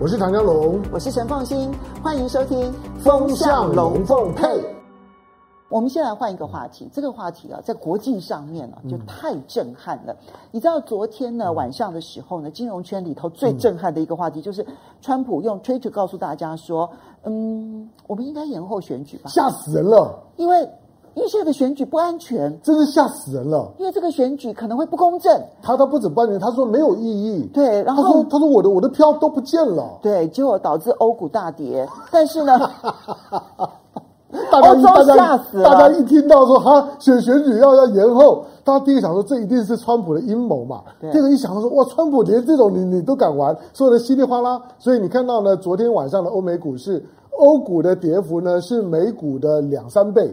我是唐湘龍，我是陳鳳馨，歡迎收聽《風向龍鳳配》配。我們先來換一個話題，這個話題啊，在國際上面啊，就太震撼了。嗯、你知道昨天呢、嗯、晚上的時候呢，金融圈裡頭最震撼的一個話題，就是、嗯、川普用 Twitter 告訴大家說，嗯，我們應該延後選舉吧。嚇死人了！因為。預下的選舉不安全，真是嚇死人了！因為這個選舉可能會不公正。他他不怎麼安全，他說沒有意義。對，然後他說：“他說我的我的票都不見了。”對，結果導致歐股大跌。但是呢， 大家大家，大家一聽到說哈選選舉要要延後，大家第一個想說這一定是川普的陰謀嘛？第二個一想到說哇，川普連這種你你都敢玩，說的稀里嘩啦。所以你看到呢，昨天晚上的歐美股市，歐股的跌幅呢是美股的兩三倍。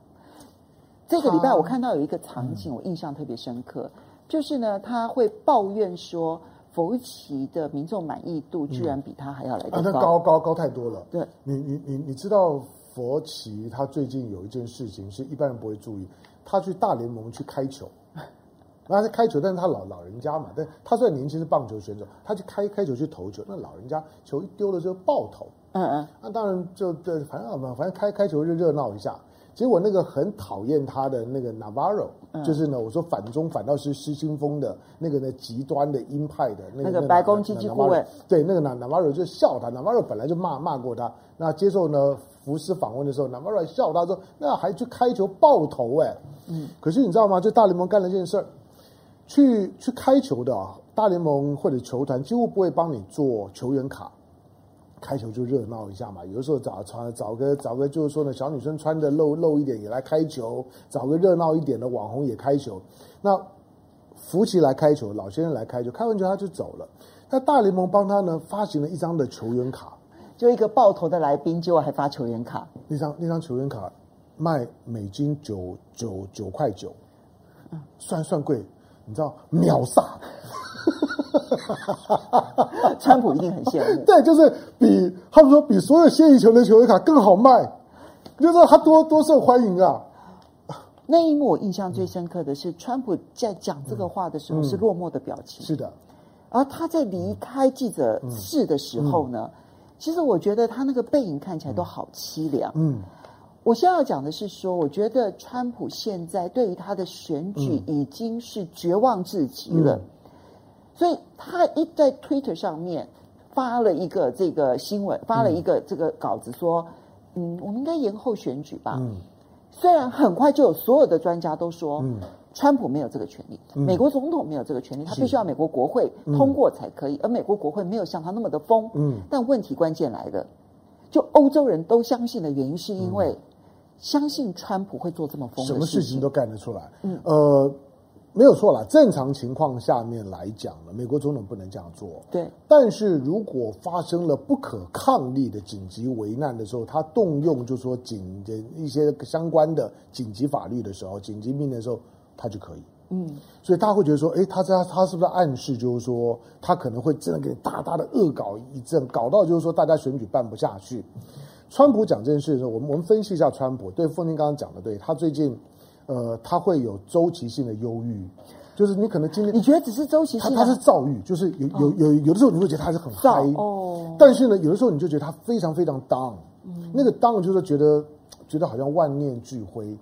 這個禮拜我看到有一個場景，我印象特別深刻，就是呢，他會抱怨說佛奇的民眾滿意度居然比他還要來得高，嗯啊，高，那高高高太多了。對，你你你你知道佛奇他最近有一件事情，是一般人不會注意，他去大聯盟去開球，那他是開球，但是他老老人家嘛，但他雖然年輕是棒球選手，他去開開球去投球，那老人家球一丟了之後爆頭，嗯嗯，那，啊，當然就對，反正反正開開球就熱鬧一下。結果那個很討厭他的那個 Navarro，就是呢，我說反中反倒是失心瘋的那個呢，極端的鷹派的、那個、那個白宮積極護衛，對，那個 Navarro 就笑他，Navarro 本來就罵罵過他。那接受呢福斯訪問的時候，Navarro 笑他說：“那還去開球爆頭哎、欸嗯！”可是你知道嗎？就大聯盟幹了件事兒，去去開球的，大聯盟或者球團幾乎不會幫你做球員卡。開球就熱鬧一下嘛，有的時候找穿找個找個，找個就是說呢，小女生穿得露露一點也來開球，找個熱鬧一點的網紅也開球。那福奇來開球，老先生來開球，開完球他就走了。那大聯盟幫他呢發行了一張的球員卡，就一個爆頭的來賓，之外還發球員卡。那張那張球員卡賣美金九九九塊九，算算貴，你知道秒殺。哈，哈，哈，哈，哈，川普一定很羨慕。 對，就是比他們說比所有現役球的球員卡更好賣，就是他多多受歡迎啊。那一幕我印象最深刻的是，川普在講這個話的時候是落寞的表情。嗯嗯、是的，而他在離開記者室的時候呢、嗯嗯，其實我覺得他那個背影看起來都好淒涼、嗯。嗯，我現在要講的是說，我覺得川普現在對於他的選舉已經是絕望至極了。嗯嗯所以他一在推特上面發了一個這個新聞，發了一個這個稿子說：“嗯，嗯我們應該延後選舉吧。”嗯，雖然很快就有所有的專家都說，嗯、川普沒有這個權力、嗯，美國總統沒有這個權力、嗯，他必須要美國國會通過才可以、嗯，而美國國會沒有像他那麼的瘋。嗯，但問題關鍵來了，就歐洲人都相信的原因是因為、嗯、相信川普會做這麼瘋的事情，什麼事情都幹得出來。嗯，呃。沒有錯啦，正常情況下面來講呢，美國總統不能這樣做。對，但是如果發生了不可抗力的緊急危難的時候，他動用就是說緊急一些相關的緊急法律的時候，緊急命令的時候，他就可以。嗯，所以大家會覺得說，哎，他在，他是不是暗示就是說，他可能會真的給大大的惡搞一陣，搞到就是說大家選舉辦不下去。嗯，川普講這件事的時候，我們我們分析一下川普。對，鳳，您剛剛講的對，對他最近。呃，他會有周期性的憂鬱，就是你可能經歷。你覺得只是周期性嗎？他是躁鬱，就是有、哦、有有有的時候你會覺得他是很嗨哦，但是呢，有的時候你就覺得他非常非常 down，、嗯、那個 down 就是覺得覺得好像萬念俱灰。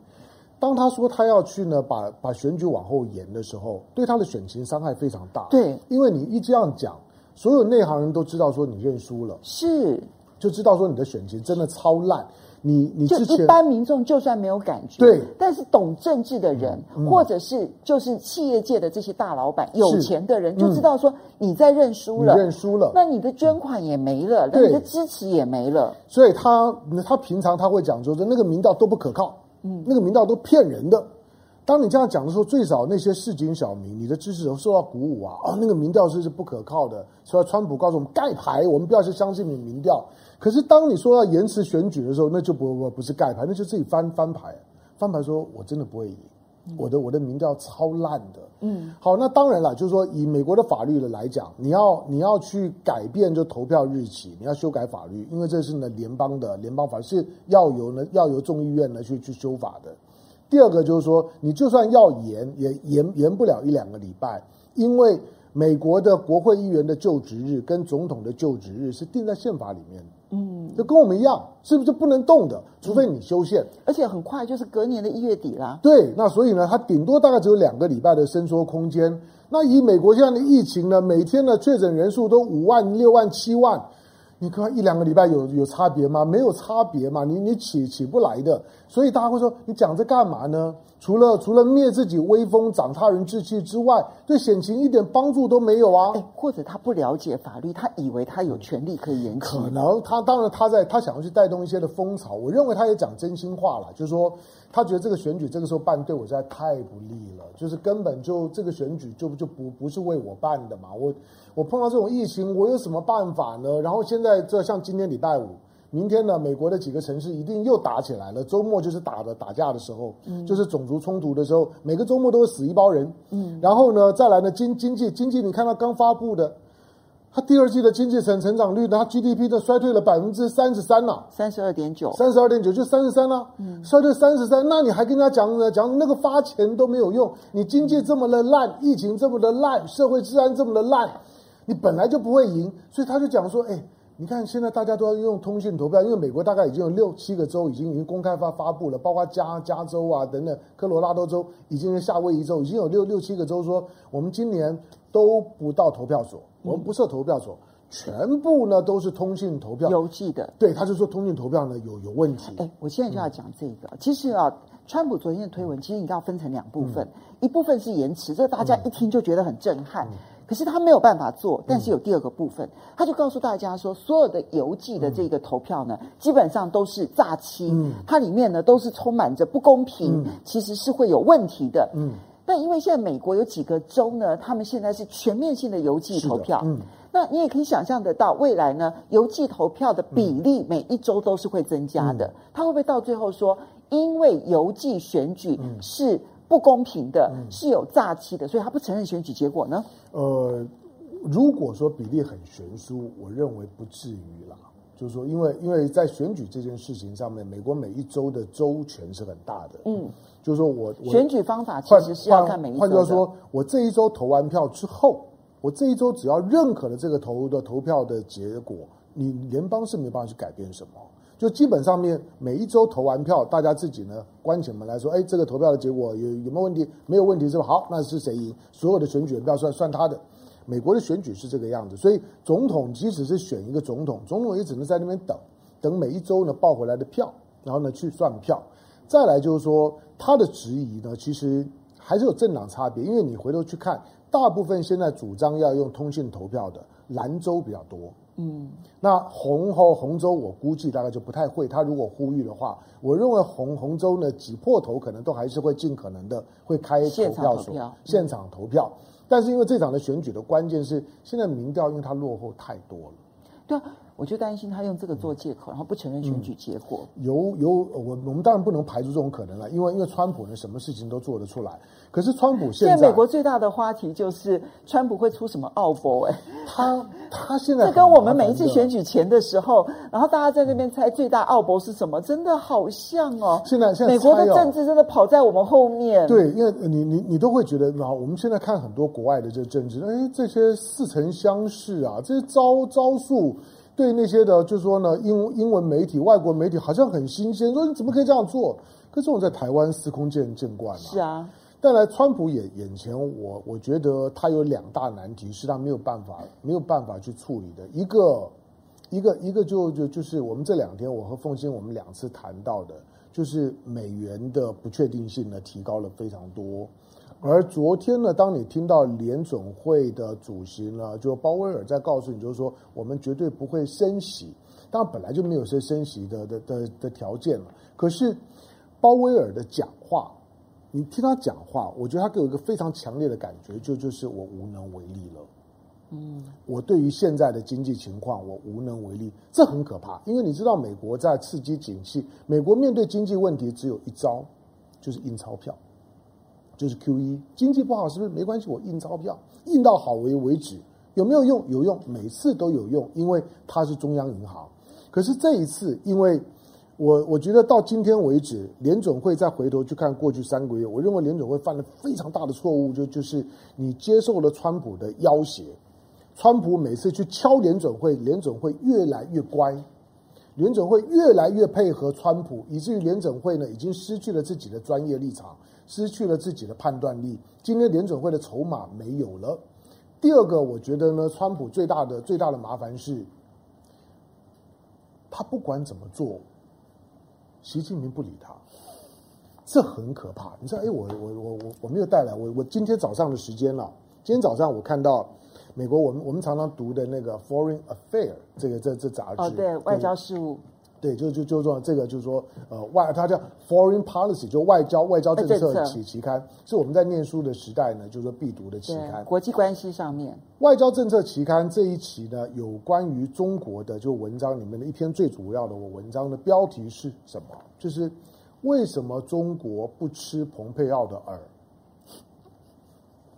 當他說他要去呢把把選舉往後延的時候，對他的選情傷害非常大。對，因為你一這樣講，所有內行人都知道說你認輸了，是就知道說你的選情真的超爛。你你之前就一般民眾就算沒有感覺，對，但是懂政治的人，嗯嗯、或者是，就是企業界的這些大老闆、有錢的人，就知道說你在認輸了，嗯、認輸了，那你的捐款也沒了，嗯、你的支持也沒了。所以他他平常他會講說，說那個民調都不可靠，嗯，那個民調都騙人的。當你這樣講的時候，最少那些市井小民，你的支持者受到鼓舞啊，啊、嗯哦，那個民調是是不可靠的。所以川普告訴我們，蓋牌，我們不要去相信民民調。可是，當你說要延遲選舉的時候，那就不不不，不是蓋牌，那就自己翻翻牌，翻牌說我真的不會贏，我的我的民調超爛的，嗯，好，那當然了，就是說以美國的法律的來講，你要你要去改變就投票日期，你要修改法律，因為這是呢聯邦的聯邦法是要由呢要由眾議院呢去去修法的。第二個就是說，你就算要延，也延延不了一兩個禮拜，因為。美國的國會議員的就職日跟總統的就職日是定在憲法裡面的嗯，就跟我們一樣，是不是不能動的？除非你修憲，嗯。而且很快就是隔年的一月底啦。對，那所以呢，它頂多大概只有兩個禮拜的伸縮空間。那以美國現在的疫情呢，每天的確診人數都五萬、六萬、七萬，你看一兩個禮拜有有差別嗎？沒有差別嘛，你你起起不來的。所以大家會說，你講這幹嘛呢？除了除了滅自己威風、長他人志氣之外，對選情一點幫助都沒有啊！或者他不了解法律，他以為他有權力可以延期。嗯，可能他當然他在他想要去帶動一些的風潮。我認為他也講真心話了，就是說他覺得這個選舉這個時候辦對我實在太不利了，就是根本就這個選舉就就不就不，不是為我辦的嘛。我我碰到這種疫情，我有什麼辦法呢？然後現在這像今天禮拜五。明天呢，美國的幾個城市，一定又打起來了。周末就是打的打架的時候，嗯、就是種族衝突的時候，每個周末都會死一幫人。嗯，然後呢，再來呢，經經濟經濟，你看他剛發佈的，他第二季的經濟成成長率呢，他 GDP 的衰退了百分之三十三了，三十二點九，三十二點九就三十三了，嗯，衰退三十三，那你還跟他講呢，講那個發錢都沒有用，你經濟這麼的爛，疫情這麼的爛，社會治安這麼的爛，你本來就不會贏，所以他就講說，哎、欸。你看，現在大家都要用通訊投票，因為美國大概已經有六七個州已經已經公開發發佈了，包括加加州啊等等，科羅拉多州，已經是夏威夷州，已經有六六七個州說，我們今年都不到投票所，我們不設投票所，嗯、全部呢都是通訊投票，郵寄的，對，他就說通訊投票呢有有問題。哎、欸，我現在就要講這個、嗯，其實啊，川普昨天的推文其實你要分成兩部分、嗯，一部分是延遲，這大家一聽就覺得很震撼。嗯嗯可是他沒有辦法做，但是有第二個部分、嗯，他就告訴大家說，所有的郵寄的這個投票呢，嗯、基本上都是詐欺，嗯、它裡面呢都是充滿着不公平，嗯、其實是會有問題的、嗯。但因為現在美國有幾個州呢，他們現在是全面性的郵寄投票，嗯、那你也可以想象得到，未來呢郵寄投票的比例每一州都是會增加的，嗯、他會不會到最後說，因為郵寄選舉是？不公平的，是有詐欺的、嗯，所以他不承認選舉結果呢。呃，如果說比例很懸殊，我認為不至於啦。就是說，因為因為在選舉這件事情上面，美國每一州的州權是很大的。嗯，嗯就是說我，我選舉方法其實是要看每一州的。換句話說，我這一州投完票之後，我這一州只要認可了這個投的投票的結果，你聯邦是沒辦法去改變什麼。就基本上面每一州投完票，大家自己呢關起門來說，哎，這個投票的結果有有沒有問題？沒有問題是吧？好，那是誰贏？所有的選舉人票算算他的。美國的選舉是這個樣子，所以總統即使是選一個總統，總統也只能在那邊等等每一州呢報回來的票，然後呢去算票。再來就是說他的質疑呢，其實還是有政黨差別，因為你回頭去看，大部分現在主張要用通訊投票的，藍州比較多。嗯，那紅和紅州，我估計大概就不太會。他如果呼籲的話，我認為紅紅州呢，擠破頭可能都還是會盡可能的會開投票所，現場投票，嗯，現場投票。但是因為這場的選舉的關鍵是現在民調，因為它落後太多了，對啊。我就擔心他用這個做借口，然後不承認選舉結果。嗯、有有，我我們當然不能排除這種可能了，因為因為川普呢，什麼事情都做得出來。可是川普現在，現在美國最大的話題就是川普會出什麼奧步？哎、欸？他他現在在跟我們每一次選舉前的時候，然後大家在那邊猜最大奧步是什麼，真的好像哦、喔。現在現在、喔、美國的政治真的跑在我們後面。對，因為你你你都會覺得啊，然後我們現在看很多國外的這個政治，哎、欸，這些似曾相識啊，這些招招數。對那些的，就是說呢，英英文媒體、外國媒體好像很新鮮，說你怎麼可以這樣做？可是我在台灣司空見見慣了。是啊，但來川普眼眼前我，我我覺得他有兩大難題，是他沒有辦法沒有辦法去處理的。一個，一個，一個就就就是我們這兩天我和鳳仙我們兩次談到的，就是美元的不確定性呢提高了非常多。而昨天呢，當你聽到聯準會的主席呢，就鮑威爾在告訴你，就是說我們絕對不會升息，當然本來就沒有些升息的的的的條件了。可是鮑威爾的講話，你聽他講話，我覺得他給我一個非常強烈的感覺，就就是我無能為力了。嗯，我對於現在的經濟情況，我無能為力，這很可怕。因為你知道，美國在刺激景氣，美國面對經濟問題只有一招，就是印鈔票。就是 QE，經濟不好是不是沒關係？我印鈔票印到好為為止有沒有用？有用，每次都有用，因為它是中央銀行。可是這一次，因為我我覺得到今天為止，聯準會再回頭去看過去三個月，我認為聯準會犯了非常大的錯誤，就就是你接受了川普的要挾，川普每次去敲聯準會，聯準會越來越乖，聯準會越來越配合川普，以至於聯準會呢已經失去了自己的專業立場，失去了自己的判斷力。今天聯準會的籌碼沒有了。第二個，我覺得呢，川普最大的最大的麻煩是，他不管怎麼做，習近平不理他，這很可怕。你說，哎、欸，我我我我我沒有帶來，我我今天早上的時間了、啊。今天早上我看到美國，我們我們常常讀的那個《Foreign Affairs》這個這這雜誌，哦，對，外交事務。對，就就就說這個就是說，呃，外他叫 Foreign Policy，就外交外交政策期期刊，是我們在唸書的時代呢，就是必讀的期刊。對，國際關係上面。外交政策期刊這一期呢，有關於中國的就文章裡面的一篇最主要的我文章的標題是什麼？就是為什麼中國不吃蓬佩奧的餌？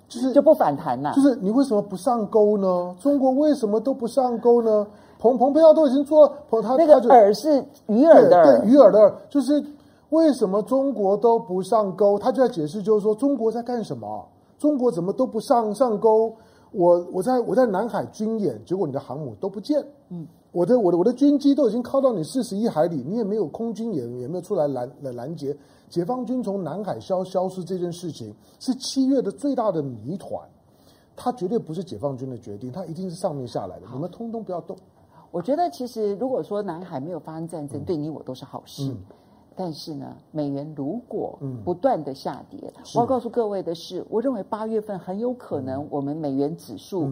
就是就不反彈了啊？就是你為什麼不上鈎呢？中國為什麼都不上鈎呢？彭彭佩奧都已經做了，彭他那個耳是魚餌的耳，對對，魚餌的耳，就是為什麼中國都不上鈎？他就在解釋，就是說中國在幹什麼？中國怎麼都不上上鈎？我我在我在南海軍演，結果你的航母都不見，嗯，我的我的我的軍機都已經靠到你四十一海里，你也沒有空軍也也沒有出來攔攔攔截。解放軍從南海消消失這件事情是七月的最大的謎團，它絕對不是解放軍的決定，它一定是上面下來的，你們通通不要動。我覺得，其實如果說南海沒有發生戰爭，嗯、對你我都是好事，嗯。但是呢，美元如果不斷地下跌，嗯，我要告訴各位的是，我認為八月份很有可能我們美元指數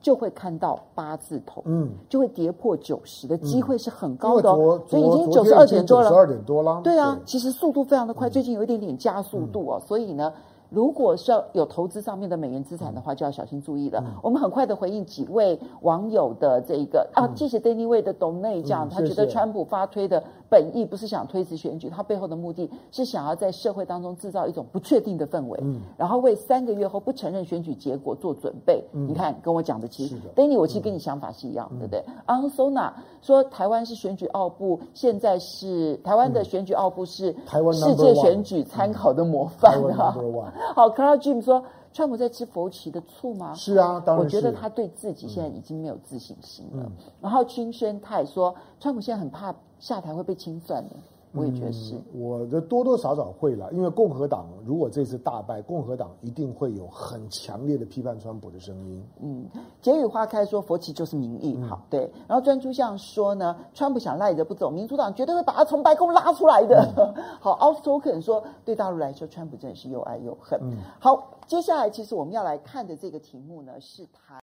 就會看到八字頭，嗯，就會跌破九十的機會是很高的，哦。所，嗯、以已經九十二點多了，十二點多了。對啊，其實速度非常的快，嗯，最近有一點點加速度啊，哦嗯嗯，所以呢。如果是要有投資上面的美元資產的話、嗯，就要小心注意了、嗯。我們很快的回應幾位網友的這一個、嗯、啊，謝謝 Denny Wei 的董內，這樣講，他覺得川普發推的。本意不是想推遲選舉，他背後的目的是想要在社會當中制造一種不確定的氛圍、嗯，然後為三個月後不承認選舉結果做準備。嗯、你看，你跟我講的其實，Danny，我其實跟你想法是一樣，嗯、對不對 Ansona 說，台灣是選舉奧部，現在是台灣的選舉奧部，是台灣世界選舉參考的模範哈、啊。嗯、 好 Clarence 說。川普在吃佛奇的醋嗎？是啊，當然。我覺得他對自己現在已經沒有自信心了。嗯嗯，然後軍宣他也說，川普現在很怕下台會被清算的。我也覺得是，嗯，我的多多少少會啦，因為共和黨如果這次大敗，共和黨一定會有很強烈的批判川普的聲音。嗯，解語花開說佛旗就是民意，嗯，好對。然後專注像說呢，川普想賴着不走，民主黨絕對會把他從白宮拉出來的。嗯，好 Outspoken 說，對大陸來說，川普真的是又愛又恨，嗯。好，接下來其實我們要來看的這個題目呢，是他。